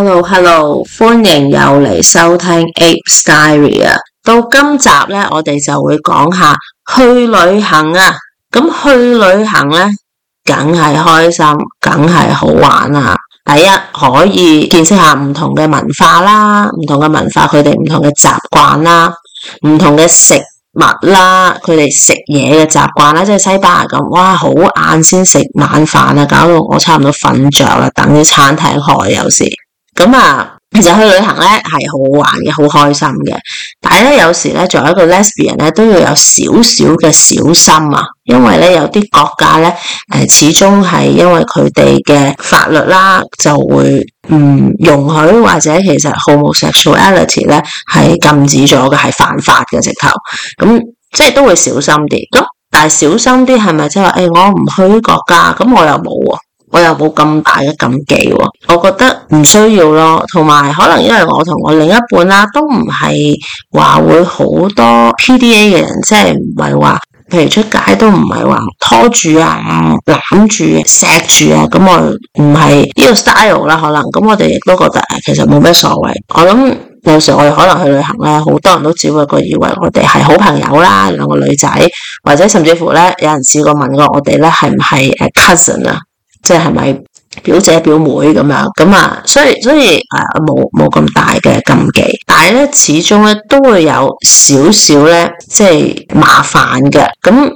hello hello，歡迎又嚟收聽 Ape Diary 啊。到今集咧，我哋就會講下去旅行啊。咁去旅行咧，梗係開心，梗係好玩啊。第一可以見識下唔同嘅文化啦，唔同嘅文化佢哋唔同嘅習慣啦，唔同嘅食物啦，佢哋食嘢嘅習慣啦。即係西班牙咁，哇，好晏先食晚飯啊，搞到我差唔多瞓着啦，等啲餐廳開有時。咁啊、嗯，其實去旅行咧，係好玩嘅，好開心嘅。但係咧，有時咧作為一個 lesbian 咧，都要有少少嘅小心啊。因為咧有啲國家咧，誒、呃，始終係因為佢哋嘅法律啦，就會唔容許或者其實 homosexuality 咧係禁止咗嘅，係犯法嘅直頭。咁、嗯、即係都會小心啲。咁、嗯、但係小心啲係咪即係話誒，我唔去啲國家，咁我又冇喎、啊。我又冇咁大嘅禁忌喎、啊，我覺得唔需要咯。同埋可能因為我同我另一半啦、啊，都唔係話會好多 PDA 嘅人，即係唔係話，譬如出街都唔係話拖住啊、攬住、錫住啊。咁、啊啊、我唔係呢個 style 啦。可能咁我哋亦都覺得，其實冇咩所謂。我諗有時我哋可能去旅行咧，好多人都只會個以為我哋係好朋友啦，兩個女仔，或者甚至乎咧，有人試過問過我呢，我哋咧係唔係誒 cousin 啊？即係咪表姐表妹咁樣咁啊？所以所以誒，冇冇咁大嘅禁忌，但係咧始終咧都會有少少咧，即係麻煩嘅。咁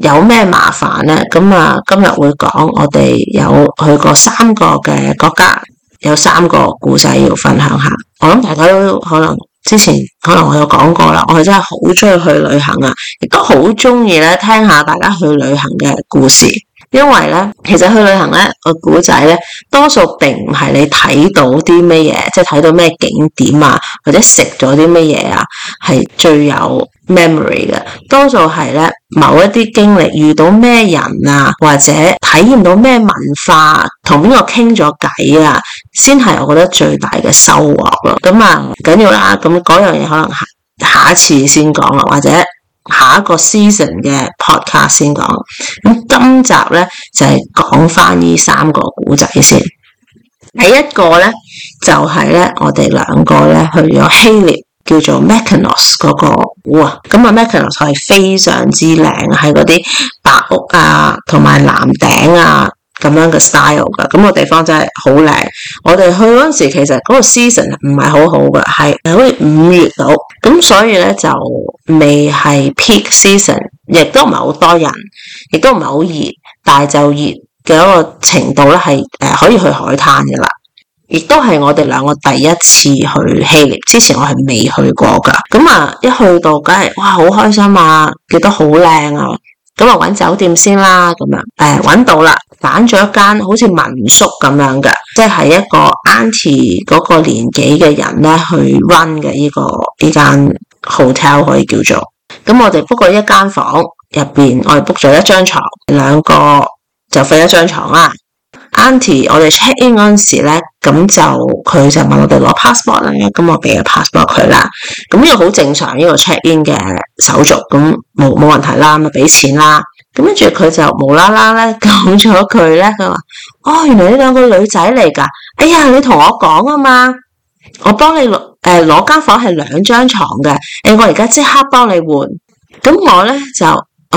有咩麻煩咧？咁啊，今日會講我哋有去過三個嘅國家，有三個故事要分享下。我諗大家都可能之前可能我有講過啦，我係真係好中意去旅行啊，亦都好中意咧聽下大家去旅行嘅故事。因為咧，其實去旅行咧個古仔咧，多數並唔係你睇到啲咩嘢，即係睇到咩景點啊，或者食咗啲乜嘢啊，係最有 memory 嘅。多數係咧某一啲經歷，遇到咩人啊，或者體驗到咩文化，同邊個傾咗偈啊，先係我覺得最大嘅收穫咯。咁啊，緊要啦。咁嗰樣嘢可能下一次先講啦，或者。下一個 season 嘅 podcast 先講，咁今集咧就係、是、講返呢三個古仔先。第一個咧就係、是、咧我哋兩個咧去咗希臘，叫做 Mechanos 嗰、那個古，咁啊 Mechanos 係非常之靚，喺嗰啲白屋啊，同埋藍頂啊。咁樣嘅 style 㗎，咁個地方真係好靚。我哋去嗰陣時，其實嗰個 season 唔係好好嘅，係係好似五月度，咁所以咧就未係 peak season，亦都唔係好多人，亦都唔係好熱，但係就熱嘅一個程度咧係誒可以去海灘㗎啦。亦都係我哋兩個第一次去希臘，之前我係未去過㗎。咁啊一去到，梗係哇好開心啊，覺得好靚啊！咁啊，搵酒店先啦，咁樣，誒、呃，搵到啦，揀咗一間好似民宿咁樣嘅，即係一個 Auntie 嗰個年紀嘅人咧去 run 嘅呢個呢間 hotel 可以叫做，咁我哋 book 過一間房，入邊我哋 book 咗一張床，兩個就瞓一張床啦。Auntie，我哋 check in 嗰陣時咧，咁就佢就問我哋攞 passport 啦，咁我俾個 passport 佢啦。咁呢個好正常，呢個 check in 嘅手續，咁冇冇問題啦，咪俾錢啦。咁跟住佢就無啦啦咧講咗句咧，佢話：哦，原來呢兩個女仔嚟噶，哎呀，你同我講啊嘛，我幫你攞誒攞間房係兩張床嘅，誒，我而家即刻幫你換。咁我咧就，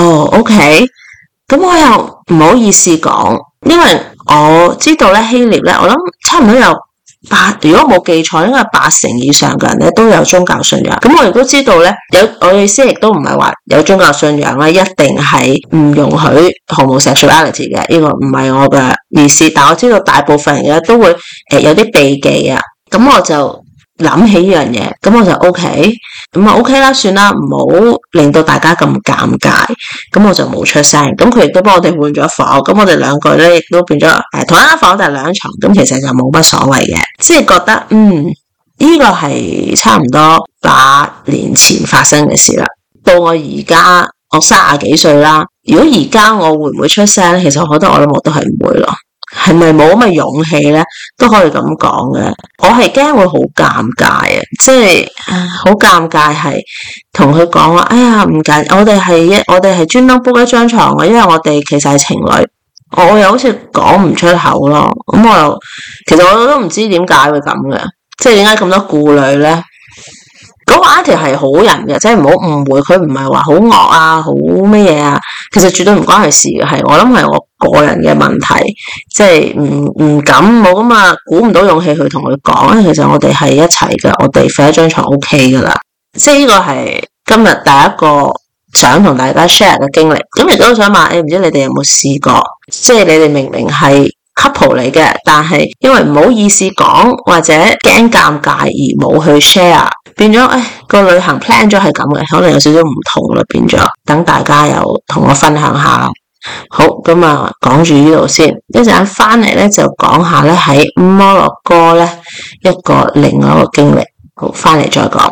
哦，OK，咁我又唔好意思講，因為。我知道咧希臘咧，我諗差唔多有八，如果冇記錯，應該係八成以上嘅人咧都有宗教信仰。咁我亦都知道咧，有我意思亦都唔係話有宗教信仰咧一定係唔容許 homosexuality 嘅呢、這個唔係我嘅意思，但我知道大部分人咧都會誒、呃、有啲避忌啊。咁我就。諗起呢樣嘢，咁我就 O K，咁啊 O K 啦，算啦，唔好令到大家咁尷尬，咁我就冇出聲，咁佢亦都幫我哋換咗房，咁我哋兩個咧亦都變咗誒同一間房，但係兩床，咁其實就冇乜所謂嘅，即係覺得嗯呢個係差唔多八年前發生嘅事啦，到我而家我三十幾歲啦，如果而家我會唔會出聲咧？其實好多我諗我都係唔會咯。係咪冇咁嘅勇氣咧？都可以咁講嘅。我係驚會好尷尬啊！即係好尷尬係同佢講話。哎呀，唔緊，我哋係一，我哋係專登 book 一張床嘅，因為我哋其實係情侶。我又好似講唔出口咯。咁我又其實我都唔知點解會咁嘅，即係點解咁多顧慮咧？嗰個阿條係好人嘅，即係唔好誤會，佢唔係話好惡啊，好乜嘢啊，其實絕對唔關佢事嘅，係我諗係我個人嘅問題，即係唔唔敢冇咁啊，鼓唔到勇氣去同佢講，因為其實我哋係一齊嘅，我哋瞓一張床 O K 噶啦，即係呢個係今日第一個想同大家 share 嘅經歷，咁亦都想問，誒、欸、唔知你哋有冇試過，即係你哋明明係 couple 嚟嘅，但係因為唔好意思講或者驚尷尬而冇去 share，變咗誒個旅行 plan 咗係咁嘅，可能有少少唔同啦，變咗等大家又同我分享下。好咁啊，講、嗯、住呢度先，一陣間翻嚟咧就講下咧喺摩洛哥咧一個另外一個經歷。好，翻嚟再講。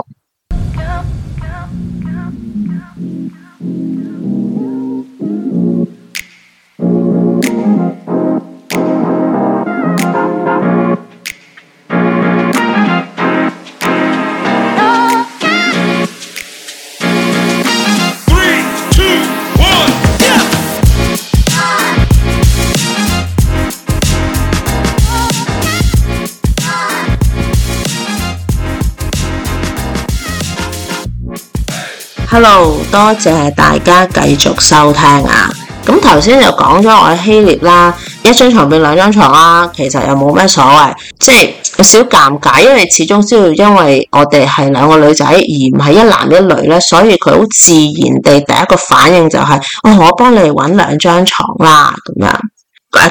Hello，多謝大家繼續收聽啊！咁頭先就講咗我嘅希臘啦，一張床變兩張床啦、啊，其實又冇咩所謂，即係有少尷尬，因為始終需要因為我哋係兩個女仔，而唔係一男一女咧，所以佢好自然地第一個反應就係、是哦、我幫你揾兩張床啦，咁樣。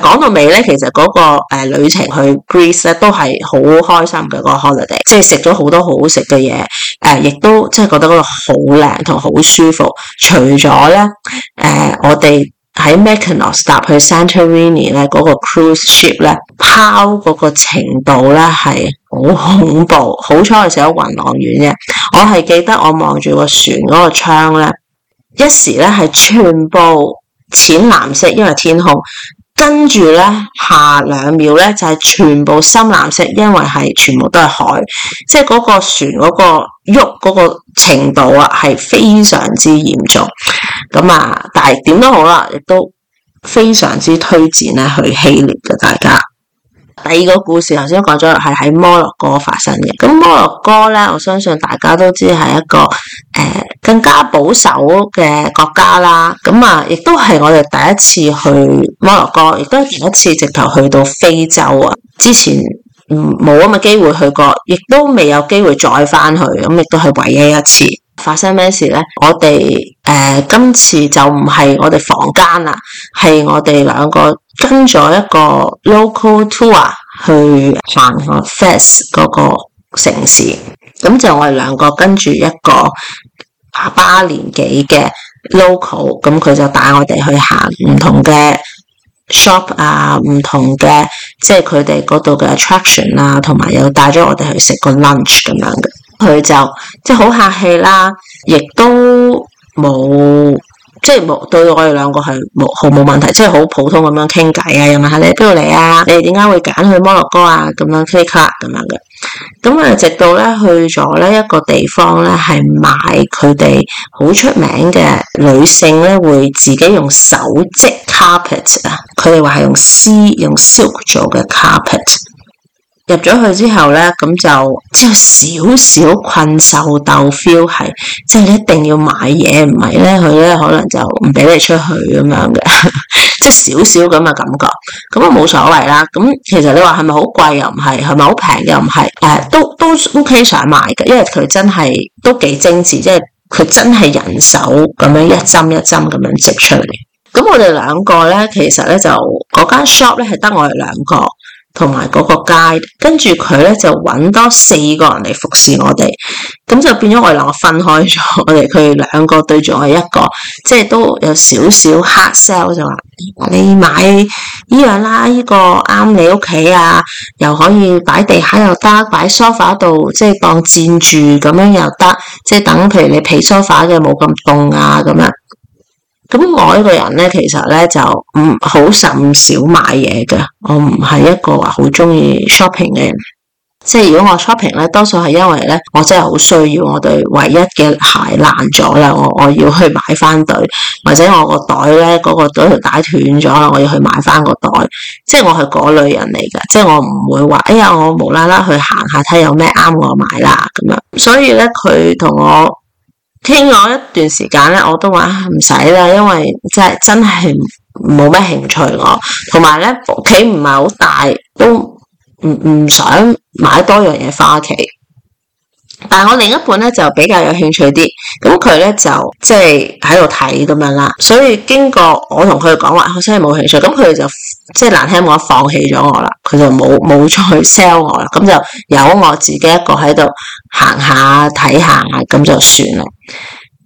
講到尾咧，其實嗰、那個、呃、旅程去 Greece 咧，都係好開心嘅一、那個 holiday，即係食咗好多好食嘅嘢，誒、呃、亦都即係覺得嗰度好靚同好舒服。除咗咧，誒、呃、我哋喺 Mykonos 搭去呢、那個、Santorini 咧嗰個 cruise ship 咧，拋嗰個程度咧係好恐怖。好彩嘅時候雲浪遠啫，我係記得我望住個船嗰個窗咧，一時咧係全部淺藍色，因為天空。跟住咧，下兩秒咧就係、是、全部深藍色，因為係全部都係海，即係嗰個船嗰個喐嗰個程度啊，係非常之嚴重。咁啊，但係點都好啦，亦都非常之推薦咧、啊、去希臘嘅大家。第二個故事，頭先講咗係喺摩洛哥發生嘅。咁摩洛哥咧，我相信大家都知係一個誒、呃、更加保守嘅國家啦。咁啊，亦都係我哋第一次去摩洛哥，亦都係第一次直頭去到非洲啊。之前唔冇咁嘅機會去過，亦都未有機會再翻去，咁亦都係唯一一次。發生咩事咧？我哋誒、呃，今次就唔係我哋房間啦，係我哋兩個跟咗一個 local tour 去行個 Fes 嗰個城市。咁就我哋兩個跟住一個爸爸年紀嘅 local，咁佢就帶我哋去行唔同嘅 shop 啊，唔同嘅即係佢哋嗰度嘅 attraction 啊，同埋又帶咗我哋去食個 lunch 咁樣嘅。佢就即係好客氣啦，亦都冇即係冇對我哋兩個係冇毫冇問題，即係好普通咁樣傾偈啊，又問下你喺邊度嚟啊，你哋點解會揀去摩洛哥啊咁樣，click click 咁樣嘅。咁啊，直到咧去咗咧一個地方咧，係賣佢哋好出名嘅女性咧，會自己用手織 carpet 啊，佢哋話係用絲用 silk 做嘅 carpet。入咗去之後咧，咁就即係少少困獸鬥 feel 係，即係你一定要買嘢，唔係咧，佢咧可能就唔俾你出去咁樣嘅，即係少少咁嘅感覺。咁我冇所謂啦。咁其實你話係咪好貴又唔係，係咪好平又唔係？誒、呃，都都都 OK 想買嘅，因為佢真係都幾精致，即係佢真係人手咁樣一針一針咁樣織出嚟。咁我哋兩個咧，其實咧就嗰間 shop 咧係得我哋兩個。同埋嗰個 guide，跟住佢咧就揾多四個人嚟服侍我哋，咁就變咗我哋兩個分開咗，我哋佢哋兩個對住我一個，即係都有少少 hard sell 就話，你買依樣啦，依、依個啱你屋企啊，又可以擺地下又得，擺梳化度即係當墊住咁樣又得，即係等譬如你皮梳化嘅冇咁凍啊咁啊。咁、嗯、我呢個人咧，其實咧就唔好甚少買嘢嘅。我唔係一個話好中意 shopping 嘅人。即係如果我 shopping 咧，多數係因為咧，我真係好需要。我對唯一嘅鞋爛咗啦，我我要去買翻對，或者我個袋咧，嗰個袋就帶斷咗啦，我要去買翻、那個那個、個袋。即係我係嗰類人嚟㗎。即係我唔會話，哎呀，我無啦啦去行下睇有咩啱我買啦咁樣。所以咧，佢同我。傾我一段時間，我都話唔使啦，因為真係真係冇咩興趣我，同埋咧屋企唔係好大，都唔唔想買多樣嘢返屋企。但係我另一半咧就比較有興趣啲，咁佢咧就即係喺度睇咁樣啦，所以經過我同佢講話，我真係冇興趣，咁佢就即係難聽我放棄咗我啦，佢就冇冇再 sell 我啦，咁就由我自己一個喺度行下睇下咁就算啦，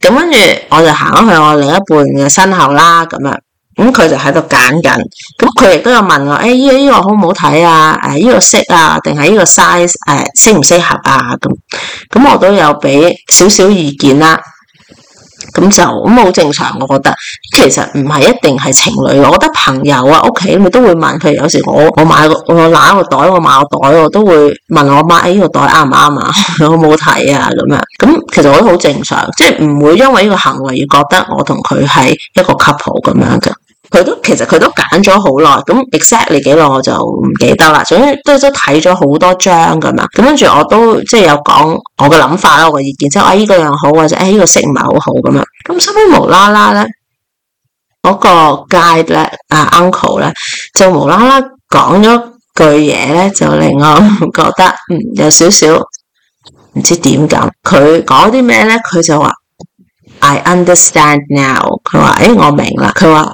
咁跟住我就行咗去我另一半嘅身後啦，咁樣。咁佢、嗯、就喺度揀緊，咁佢亦都有問我：誒呢呢個好唔好睇啊？誒、哎、呢、這個色啊，定係呢個 size 誒適唔適合啊？咁，咁我都有俾少少意見啦。咁、嗯、就咁好正常，我覺得其實唔係一定係情侶，我覺得朋友啊、屋企佢都會問佢。有時我我買個我攞個袋，我買個袋，我都會問我媽：誒呢個袋啱唔啱啊？呵呵好唔好睇啊？咁樣，咁、嗯、其實我都好正常，即係唔會因為呢個行為而覺得我同佢係一個 couple 咁樣嘅。佢都其實佢都揀咗好耐，咁 exactly 幾耐我就唔記得啦。總之都都睇咗好多張噶嘛，咁跟住我都即係有講我嘅諗法啦，我嘅意見，即係啊呢個樣好或者誒呢個色唔係好好咁啊，咁收尾無啦啦咧，嗰個 guide 咧啊 uncle 咧就無啦啦講咗句嘢,咧，就令我覺得嗯有少少唔知點咁。佢講啲咩咧？佢就話 I understand now。佢話誒我明啦。佢話。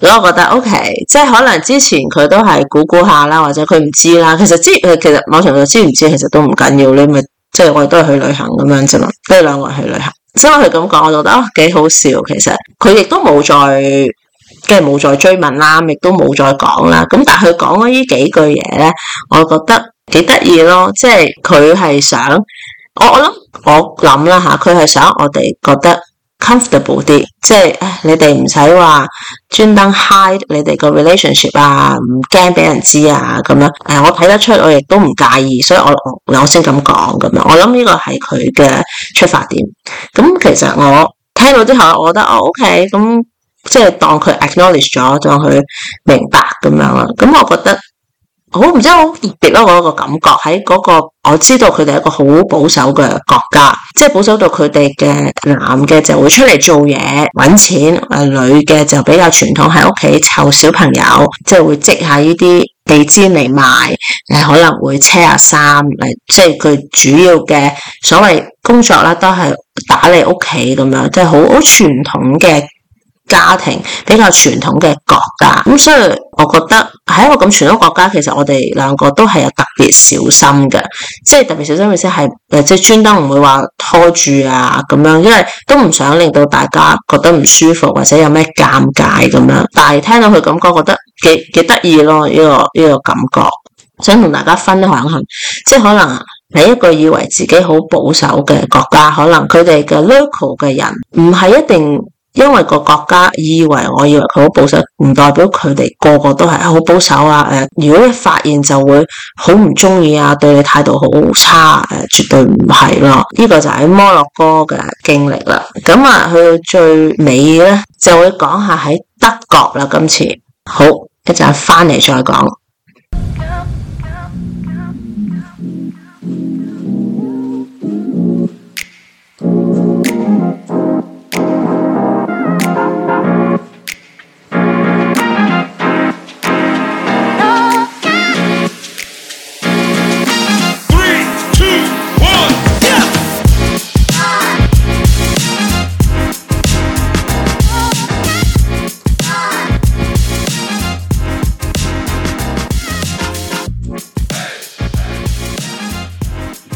咁我覺得 OK，即係可能之前佢都係估估下啦，或者佢唔知啦。其實知，其實網上就知唔知，其實都唔緊要。你咪即係我哋都係去旅行咁樣啫嘛，都係兩個人去旅行。所以佢咁講，我覺得啊，幾好笑。其實佢亦都冇再，即係冇再追問啦，亦都冇再講啦。咁但係佢講咗呢幾句嘢咧，我覺得幾得意咯。即係佢係想，我想我諗我諗啦吓，佢係想我哋覺得。comfortable 啲，即係、哎、你哋唔使話專登 hide 你哋個 relationship 啊，唔驚俾人知啊咁樣。誒、哎，我睇得出，我亦都唔介意，所以我我先咁講咁樣。我諗呢個係佢嘅出發點。咁其實我聽到之後，我覺得哦 OK，咁即係當佢 acknowledge 咗，當佢明白咁樣咯。咁我覺得。好唔知好特別咯，嗰個感覺喺嗰個我知道佢哋係一個好保守嘅國家，即係保守到佢哋嘅男嘅就會出嚟做嘢揾錢，誒女嘅就比較傳統喺屋企湊小朋友，即係會積下呢啲地氈嚟賣，誒可能會車下衫嚟，即係佢主要嘅所謂工作啦，都係打理屋企咁樣，即係好好傳統嘅。家庭比較傳統嘅國家，咁所以我覺得喺一個咁傳統國家，其實我哋兩個都係有特別小心嘅，即係特別小心、就是，而且係誒即係專登唔會話拖住啊咁樣，因為都唔想令到大家覺得唔舒服或者有咩尷尬咁樣。但係聽到佢咁講，覺得幾幾得意咯，呢個呢個感覺，想同大家分享下，即係可能係一個以為自己好保守嘅國家，可能佢哋嘅 local 嘅人唔係一定因為個國家以為，我以為佢好保守，唔代表佢哋個個都係好保守啊！誒、呃，如果你發現就會好唔中意啊，對你態度好差，啊、誒、呃，絕對唔係咯。呢，這個就係摩洛哥嘅經歷啦。咁啊，去到最尾咧，就會講下喺德國啦。今次。好，一陣翻嚟再講。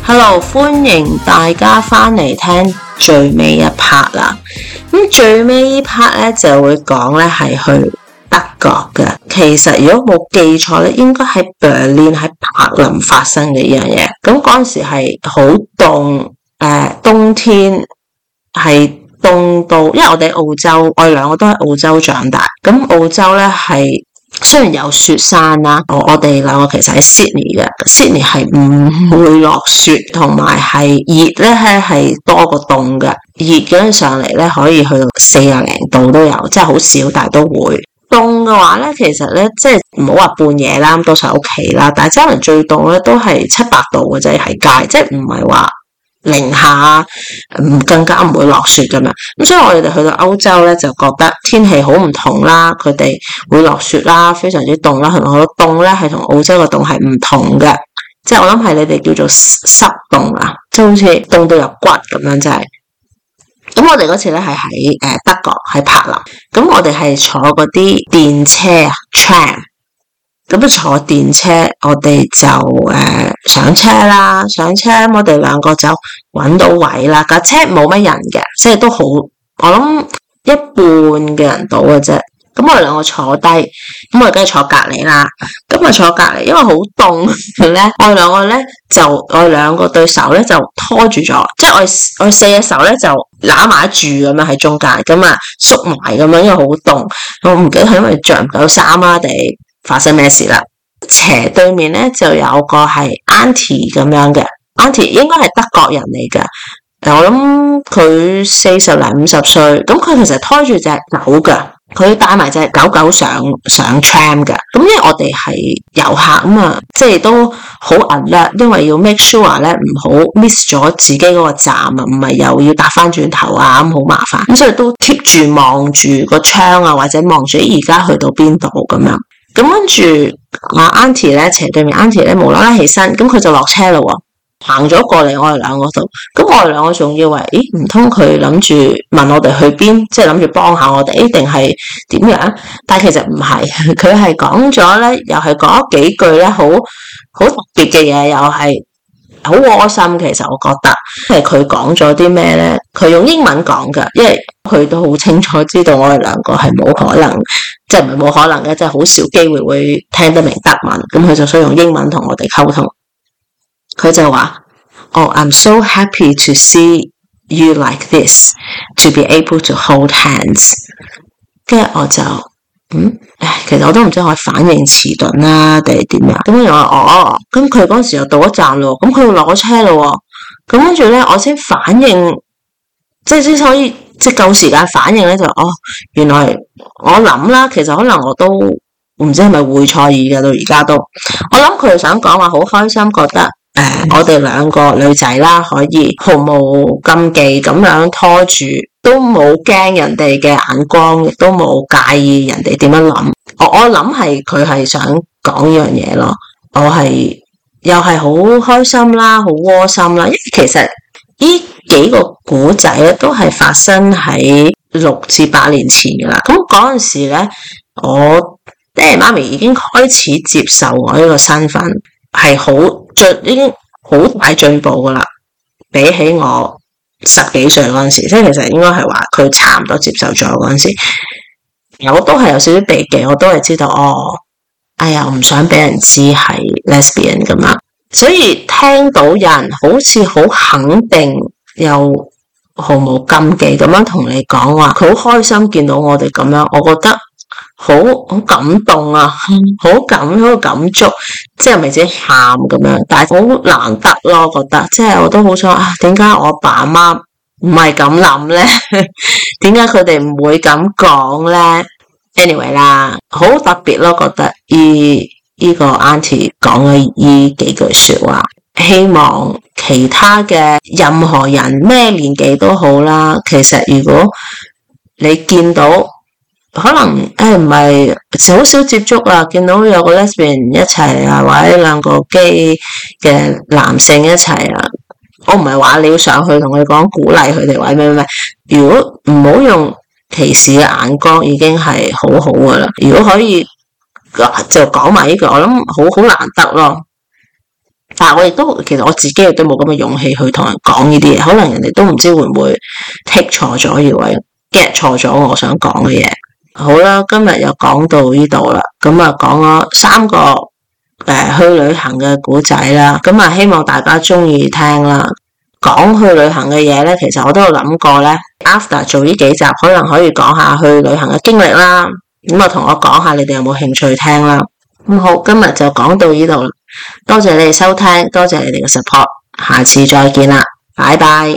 hello，歡迎大家翻嚟聽最尾一 part 啦。咁最尾呢 part 咧，就會講咧，係去德國嘅。其實如果冇記錯咧，應該喺柏林，喺柏林發生嘅一樣嘢。咁嗰陣時係好凍，誒、呃、冬天係凍到，因為我哋澳洲，我哋兩個都喺澳洲長大。咁澳洲咧係。雖然有雪山啦，我我哋兩個其實喺 Sydney 嘅，Sydney 係唔會落雪，同埋係熱咧，係多過凍嘅。熱嗰陣上嚟咧，可以去到四十零度都有，即係好少，但係都會凍嘅話咧，其實咧即係唔好話半夜啦，咁多數喺屋企啦，但係可能最凍咧都係七百度嘅啫，喺街即係唔係話。零下，唔更加唔會落雪噶嘛。咁、嗯、所以我哋去到歐洲咧，就覺得天氣好唔同啦。佢哋會落雪啦，非常之凍啦，同埋好凍咧係同澳洲個凍係唔同嘅，即係我諗係你哋叫做濕凍啦，即係好似凍到入骨咁樣，就是，就係。咁我哋嗰次咧係喺誒德國喺柏林，咁我哋係坐嗰啲電車 train。Tr 咁就坐電車，我哋就誒、呃、上車啦，上車我哋兩個就搵到位啦，架車冇乜人嘅，即係都好，我諗一半嘅人到嘅啫。咁我哋兩個坐低，咁我哋梗係坐隔籬啦。咁我坐隔籬，因為好凍咧。我哋兩個咧就我哋兩個對手咧就拖住咗，即係我哋我哋四隻手咧就揦埋住咁樣喺中間，咁啊縮埋咁樣，因為好凍。我唔記得係因為着唔到衫啊，哋。發生咩事啦？斜對面咧就有個係 Auntie 咁樣嘅，a n Auntie 應該係德國人嚟嘅。我諗佢四十零五十歲，咁佢其實拖住隻狗嘅，佢帶埋隻狗狗上上 tram 嘅。咁因為我哋係遊客，咁嘛，即係都好壓力，因為要 make sure 咧唔好 miss 咗自己嗰個站啊，唔係又要搭返轉頭啊，咁好麻煩。咁所以都 keep 住望住個窗啊，或者望住而家去到邊度咁樣。咁跟住阿 Aunty 咧斜對面，Aunty 咧無啦啦起身，咁佢就落車嘞喎，行咗過嚟我哋兩個度，咁我哋兩個仲以為，咦唔通佢諗住問我哋去邊，即係諗住幫下我哋，一定係點樣？但係其實唔係，佢係講咗咧，又係講咗幾句咧，好好特別嘅嘢，又係。好窩心，其實我覺得，即係佢講咗啲咩咧？佢用英文講嘅，因為佢都好清楚知道我哋兩個係冇可能，即係唔係冇可能嘅，即係好少機會會聽得明德文，咁佢就需要用英文同我哋溝通。佢就話：哦、Oh, I'm so happy to see you like this, to be able to hold hands. 跟住我就。嗯，其實我都唔知我係反應遲鈍啦，定係點樣？咁又話，哦，咁佢嗰時又到一站咯，咁佢要落車咯，咁跟住咧，我先反應，即係之所以即係夠時間反應咧，就哦，原來我諗啦，其實可能我都唔知係咪會錯意嘅，到而家都，我諗佢係想講話好開心，覺得。誒，uh, mm. 我哋兩個女仔啦，可以毫無禁忌咁樣拖住，都冇驚人哋嘅眼光，亦都冇介意人哋點樣諗。我我諗係佢係想講呢樣嘢咯。我係又係好開心啦，好窩心啦。因為其實呢幾個故仔咧，都係發生喺六至八年前噶啦。咁嗰陣時咧，我爹哋媽咪已經開始接受我呢個身份，係好。就已經好快進步噶啦，比起我十幾歲嗰陣時，即係其實應該係話佢差唔多接受咗嗰陣時，我都係有少少避忌，我都係知道哦，哎呀，唔想俾人知係 lesbian 噶嘛，所以聽到人好似好肯定又毫無禁忌咁樣同你講話，佢好開心見到我哋咁樣，我覺得。好好感動啊，好感，好感觸，即係咪先喊咁樣？但係好難得咯，覺得即係我都冇錯啊！點解我爸媽唔係咁諗咧？點解佢哋唔會咁講咧？Anyway 啦，好特別咯，覺得呢依、這個、Auntie 講嘅依幾句説話，希望其他嘅任何人咩年紀都好啦，其實如果你見到。可能誒唔係好少接觸啊，見到有個 lesbian 一齊啊，或者兩個 gay 嘅男性一齊啊，我唔係話你要上去同佢講鼓勵佢哋，喂，唔係唔係，如果唔好用歧視嘅眼光，已經係好好㗎啦。如果可以，啊，就講埋呢句，我諗好好難得咯。但係我亦都其實我自己亦都冇咁嘅勇氣去同人講呢啲嘢，可能人哋都唔知會唔會 take 錯咗，以為 get 錯咗我想講嘅嘢。好啦，今日又講到呢度啦，咁啊講咗三個誒、呃、去旅行嘅古仔啦，咁、嗯、啊希望大家中意聽啦。講去旅行嘅嘢呢，其實我都有諗過呢。after 做呢幾集，可能可以講下去旅行嘅經歷啦。咁、嗯、啊，同我講下你哋有冇興趣聽啦。咁、嗯、好，今日就講到呢度啦，多謝你哋收聽，多謝你哋嘅 support，下次再見啦，拜拜。